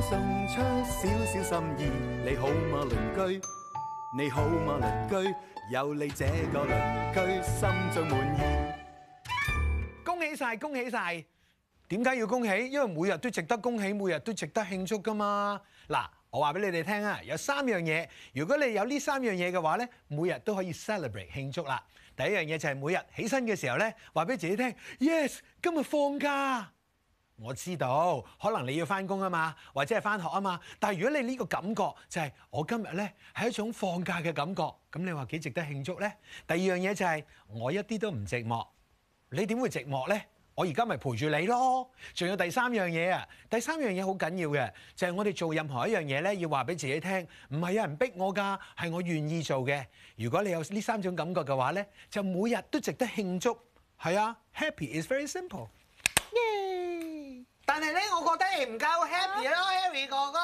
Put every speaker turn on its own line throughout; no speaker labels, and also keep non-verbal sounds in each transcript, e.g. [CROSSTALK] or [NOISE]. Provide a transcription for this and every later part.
送出少少心意，你好嘛，鄰居？你好嘛，鄰居？有你這個鄰居，心最滿意。恭喜晒，恭喜晒！點解要恭喜？因為每日都值得恭喜，每日都值得慶祝噶嘛。嗱，我話俾你哋聽啊，有三樣嘢，如果你有呢三樣嘢嘅話咧，每日都可以 celebrate 慶祝啦。第一樣嘢就係每日起身嘅時候咧，話俾自己聽，Yes，今日放假。我知道可能你要翻工啊嘛，或者係翻學啊嘛。但係如果你呢個感覺就係我今日呢，係一種放假嘅感覺，咁你話幾值得慶祝呢？第二樣嘢就係我一啲都唔寂寞，你點會寂寞呢？我而家咪陪住你咯。仲有第三樣嘢啊！第三樣嘢好緊要嘅就係我哋做任何一樣嘢呢，要話俾自己聽，唔係有人逼我㗎，係我願意做嘅。如果你有呢三種感覺嘅話呢，就每日都值得慶祝。係啊，Happy is very simple，耶！但係咧，我覺得你唔夠 happy 咯、啊，Harry 哥哥。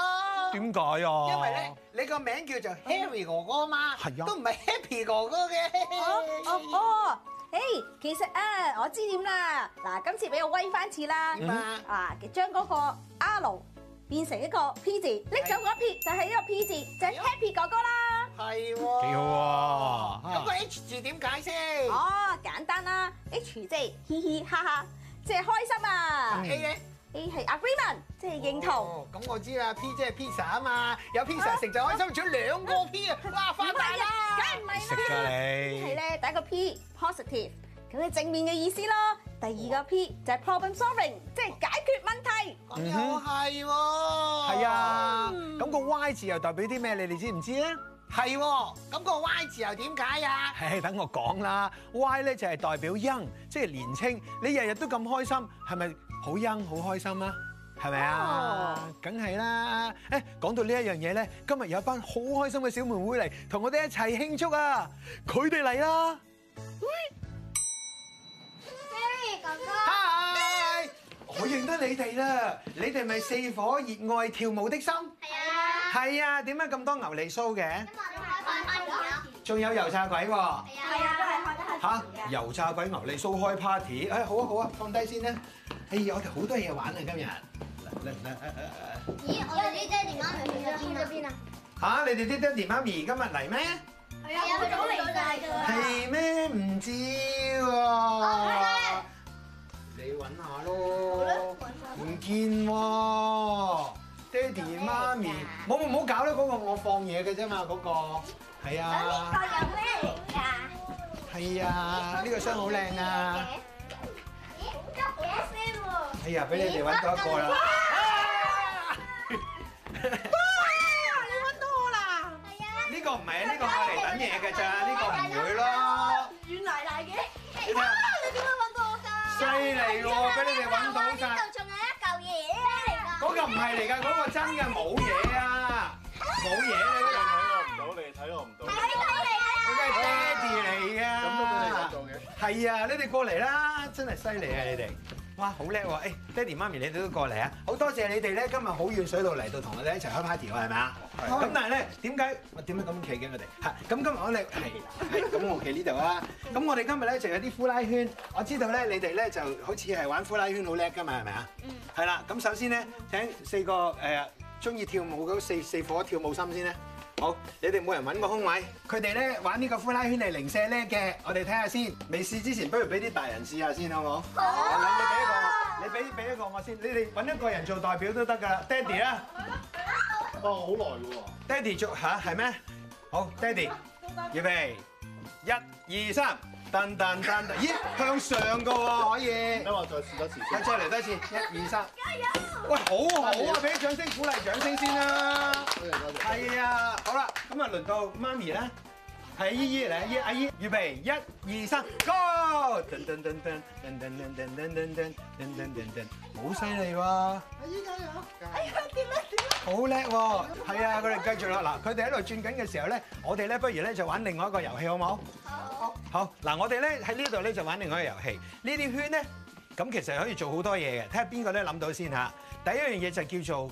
點解啊？因為咧，你個名叫做 Harry
哥哥嘛，都唔係 Happy 哥哥嘅、啊。哦哦嘿其實啊，我知點啦。嗱，今次俾我威翻次啦，啊、嗯，啊，將嗰個 R 變成一個 P 字，拎走嗰撇就係呢個 P 字，就係、Happy 哥哥啦。係、哎、喎，幾、啊、好
喎、啊。咁、那個
H 字點解先？哦、啊，簡單啦、啊，H 即係嘻嘻哈哈，即、就、係、是、開心啊。嗯，A 咧？A 係 agreement，即係認同。咁我知啦，P 即係 pizza 啊嘛，有 pizza 食就開心，仲兩個 P 啊！哇，快啲啦，梗唔係啦，先係咧，第一個 P positive，咁係正面嘅意思咯。第二個 P 就係 problem solving，即係解決問題。咁又係喎。
係啊，咁個 Y 字又代表啲咩？你哋知唔知咧？
係喎，咁個 Y 字又點解啊？係
等我講啦，Y 咧就係代表 young，即係年青。你日日都咁開心，係咪？好憂行好開心啦，係咪啊？梗係啦！誒，講到呢一樣嘢咧，今日有一班好開心嘅小妹妹嚟，同我哋一齊慶祝啊！佢哋嚟啦
！Henry 哥哥，
嗨！我認得你哋啦，你哋咪四顆熱愛跳舞的心，係啊，係啊！點解咁多牛脷酥嘅？因為開派對啊！仲有油炸鬼喎，
係啊，都係開都係派對嘅。吓，
油炸鬼牛脷酥開 party，誒，好啊好啊，放低先啦。哎呀，我哋好多嘢玩啊！今日，咦，我哋啲爹地媽
咪今日去咗
邊啊？嚇，你哋啲爹地媽咪今日嚟咩？
係啊，佢仲嚟曬㗎。係
咩？唔知喎。你揾下咯。好啦。唔見喎，爹地媽咪。冇冇，唔好搞啦！嗰個我放嘢嘅啫嘛，嗰個。係啊。呢個有咩㗎？係啊，呢個箱好靚啊。
哎呀！俾你哋揾多一個啦！哇！你揾多啦！係啊！呢個唔係，呢個
係嚟等嘢嘅咋，呢個唔會咯。軟奶奶嘅。你點解揾到我
㗎？犀利
喎！俾你哋揾到曬。呢度仲有一嚿嘢咧嚟㗎。嗰個唔係嚟㗎，嗰個真嘅冇嘢啊！冇嘢，你嗰陣睇我唔到，你睇我唔到。睇到你嚟啊！佢係爹哋嚟嘅。咁都俾你揾到嘅。係啊！你哋過嚟啦，真係犀利啊！你哋。哇，好叻喎！爹哋媽咪你哋都過嚟啊！好多謝你哋咧，今日好遠水路嚟到同我哋一齊開 party 喎，係咪啊？咁但係咧，點解我點解咁企嘅我哋？咁今日我哋係係咁我企呢度啊！咁我哋今日咧就有啲呼啦圈，我知道咧你哋咧就好似係玩呼啦圈好叻㗎嘛，係咪啊？嗯。係啦，咁首先咧，請四個誒中意跳舞四四個跳舞心先咧。好，你哋冇人揾個空位，佢哋咧玩呢個呼啦圈嚟零舍叻嘅，我哋睇下先。未試之前，不如俾啲大人試下先，好唔好？好，你俾一個，你俾俾一個我先。你哋揾一個人做代表都得噶，Daddy 啦。哇，好耐嘅喎，Daddy 做吓係咩？好，Daddy 預備。一二三，噔噔噔，咦，向上㗎喎，可以。等我再試多次，再嚟多次，一二三，加油！喂，好好啊，俾啲掌聲鼓勵，掌聲先啦。多謝多謝。係啊，好啦，咁啊，輪到媽咪呢。係阿姨嚟，阿姨，阿姨，預備，一、二、三，Go！噔噔噔噔噔噔噔噔噔噔噔噔噔噔，好犀利
喎！
阿姨加油！哎呀，點啊點啊！好叻喎！係啊，佢哋繼續啦。嗱，佢哋喺度轉緊嘅時候咧，我哋咧不如咧就玩另外一個遊戲，好冇？好。好。嗱，我哋咧喺呢度咧就玩另外一個遊戲。呢啲圈咧咁其實可以做好多嘢嘅，睇下邊個咧諗到先吓。第一樣嘢就叫做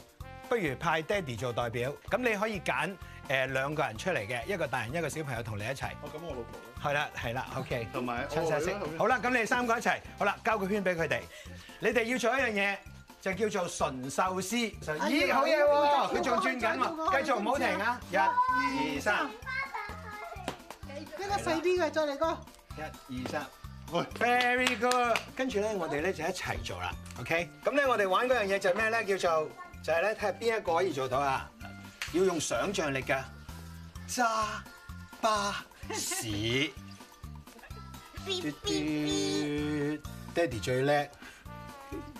不如派爹地做代表，咁你可以揀。誒兩個人出嚟嘅，一個大人一個小朋友同你一齊。哦，咁我老婆咧。係啦，係啦，OK。同埋，襯曬色。好啦，咁你哋三個一齊，好啦，交個圈俾佢哋。你哋要做一樣嘢，就叫做純壽司。咦，好嘢喎！佢仲轉緊喎，繼續唔好停啊！一、二、三。
一個細啲嘅，再
嚟個。一、二、三。Very good。跟住咧，我哋咧就一齊做啦，OK。咁咧，我哋玩嗰樣嘢就係咩咧？叫做就係咧睇下邊一個可以做到啊！要用想像力嘅揸巴士，嘟嘟， [LAUGHS] 爹哋最叻，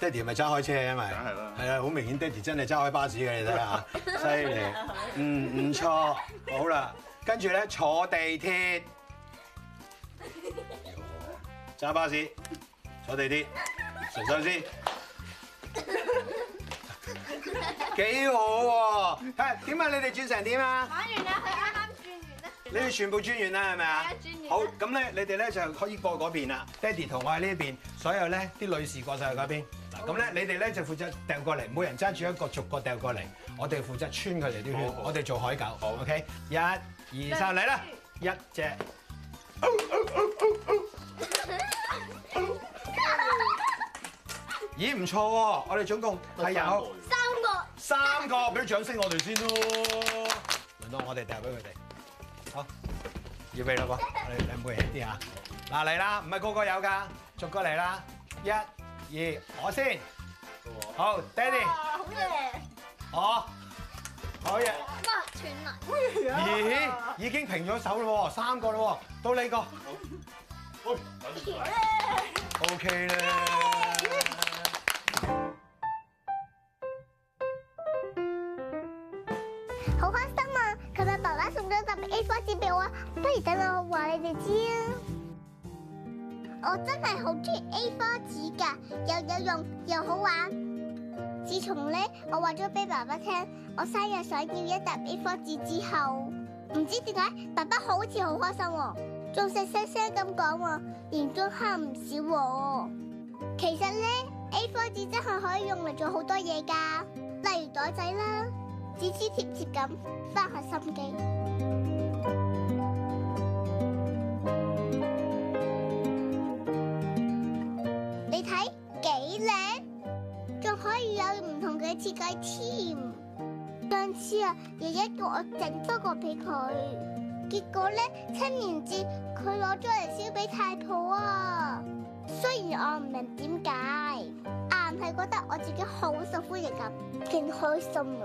爹哋係咪揸開車啊？因為，係啊，好明顯爹哋真係揸開巴士嘅，你睇下，犀 [LAUGHS] 利厲害，嗯，唔錯，好啦，跟住咧坐地鐵，揸巴士，坐地鐵，小心先。幾好喎！係點啊？你哋轉成點啊？玩完
啦，
佢啱啱轉完啦。你哋全部轉完啦，係咪啊？轉完。好，咁咧，你哋咧就可以過嗰邊啦。爹哋同我喺呢邊，所有咧啲女士過曬去嗰邊。嗱，咁咧你哋咧就負責掉過嚟，每人揸住一個逐個掉過嚟。我哋負責穿佢哋啲圈，我哋做海狗。好，OK，一、二、三，嚟啦！一隻。咦，唔錯喎！我哋總共係有。三個，俾啲掌聲我哋先咯。唔該，我哋掉俾佢哋。好，要俾啦噃，我哋兩杯輕啲嚇。嗱嚟啦，唔係個個有㗎，逐個嚟啦。一、二，我先。好，Daddy。
好嘢。哦。
好嘢。
八串泥。咦，已
經平咗手咯喎，三個咯喎，到你個。
好。喂。
O K 啦。
A4 紙俾我、啊，不如等我話你哋知啊！我真係好中意 A4 紙噶又有用又好玩。自從咧，我話咗俾爸爸聽我生日想要一沓 A4 紙之後，唔知點解爸爸好似好開心喎、啊，仲細聲聲咁講喎，年終慳唔少喎、啊。其實咧 A4 紙真係可以用嚟做好多嘢噶，例如袋仔啦，黏黏貼貼咁，花下心機。計添，上次啊，爺爺叫我整多個俾佢，結果咧，清明節佢攞咗嚟燒俾太婆啊。雖然我唔明點解，硬係覺得我自己好受歡迎咁，勁開心啊。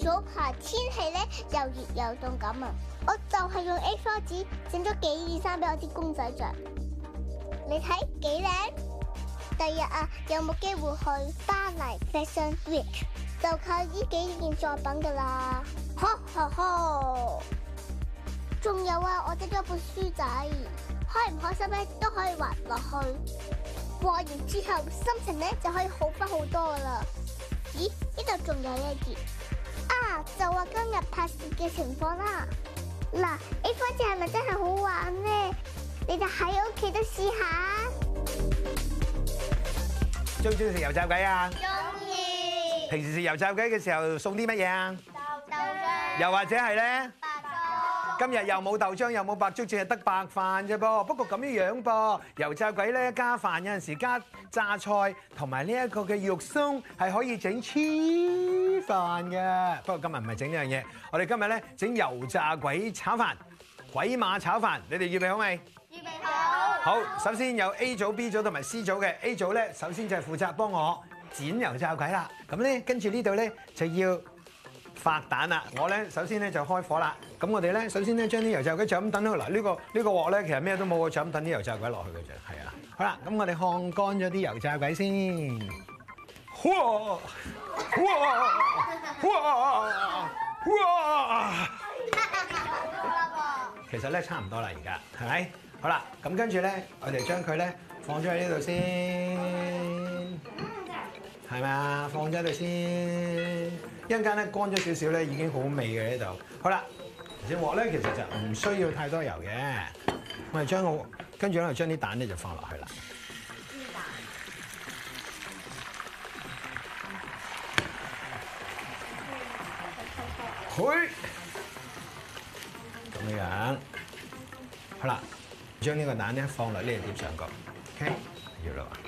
早排天氣咧又熱又凍咁啊。我就係用 A4 紙整咗幾件衫俾我啲公仔着，你睇幾靚？第日啊，有冇機會去巴黎 Fashion Week？就靠呢幾件作品噶啦！哈哈，仲有啊，我整咗一本書仔，開唔開心咧都可以畫落去，畫完之後心情咧就可以好翻好多噶啦。咦？呢度仲有一件啊？就話今日拍攝嘅情況啦。嗱，A 方正係咪真係好玩咧？你哋喺屋企都試下。
中唔中意食油炸雞啊？
中意。平時食
油炸雞嘅時候送啲乜嘢啊？豆漿。又或者係咧？今日又冇豆漿，又冇白粥，淨係得白飯啫噃。不過咁樣樣噃，油炸鬼咧加飯，有陣時加榨菜同埋呢一個嘅肉鬆，係可以整黐飯嘅。不過今日唔係整呢樣嘢，我哋今日咧整油炸鬼炒飯、鬼馬炒飯。你哋預備好未？預備
好，好。好，
首先有 A 組、B 組同埋 C 組嘅 A 組咧，首先就係負責幫我剪油炸鬼啦。咁咧，跟住呢度咧就要。發蛋啦！我咧首先咧就開火啦。咁我哋咧首先咧將啲油炸鬼就咁等佢。嗱、這個，這個、鑊呢個呢個鑊咧其實咩都冇，就咁等啲油炸鬼落去嘅啫。係啊、嗯。好啦，咁我哋烘乾咗啲油炸鬼 [LAUGHS] [LAUGHS] 先。其實咧差唔多啦，而家係咪？好啦，咁跟住咧，我哋將佢咧放咗喺呢度先，係咪啊？放咗喺度先。乾了一陣間咧，乾咗少少咧，已經很味好味嘅呢度。好啦，隻鑊咧其實就唔需要太多油嘅。我哋將我跟住咧將啲蛋咧就放落去啦。佢咁樣，好啦，將呢個蛋咧放落呢個碟上角，搖落去。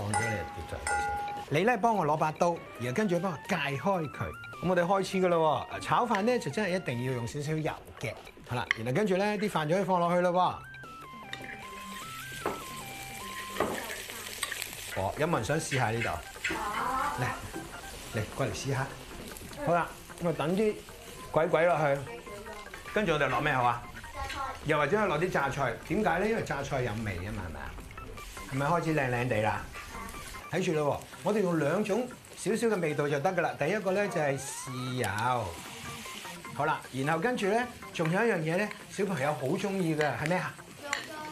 放咗你就結束，你咧幫我攞把刀，然後跟住幫我解開佢。咁我哋開始噶啦，炒飯咧就真係一定要用少少油嘅。好啦，然後跟住咧啲飯就可以放落去啦，哦。哦，有冇人想試下呢度？嚟嚟，過嚟試下。好啦，我等啲鬼鬼落去，跟住我哋落咩好啊？又或者係落啲榨菜，點解咧？因為榨菜有味啊嘛，係咪啊？係咪開始靚靚地啦？睇住咯，我哋用兩種少少嘅味道就得噶啦。第一個咧就係豉油，好啦，然後跟住咧仲有一樣嘢咧，小朋友好中意嘅係咩啊？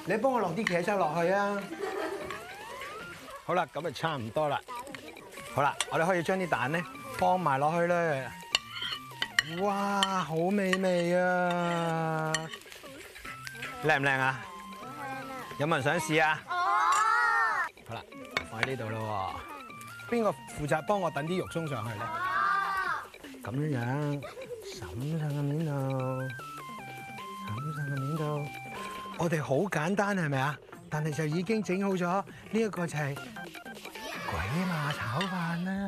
你幫我落啲茄汁落去啊！好啦，咁就差唔多啦。好啦，我哋可以將啲蛋咧放埋落去啦。哇，好美味啊！靚唔靚啊？有冇人想試啊？呢度咯，邊個負責幫我等啲肉鬆上去咧？
咁、啊、樣樣，嬸上的
面度，嬸上的面度，我哋好簡單係咪啊？但係就已經整好咗呢一個就係鬼馬炒飯啦。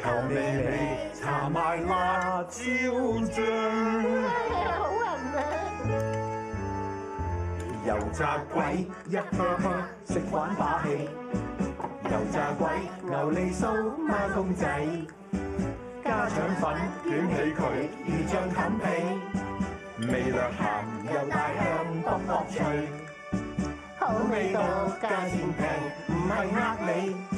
搽埋辣椒醬油炸鬼，一包包，食玩把戲。油炸鬼，牛脷酥，孖公仔，加腸粉，捲起佢，如張錦被。味略鹹，又大
香，薄薄脆。好味道，價錢平，唔係呃你。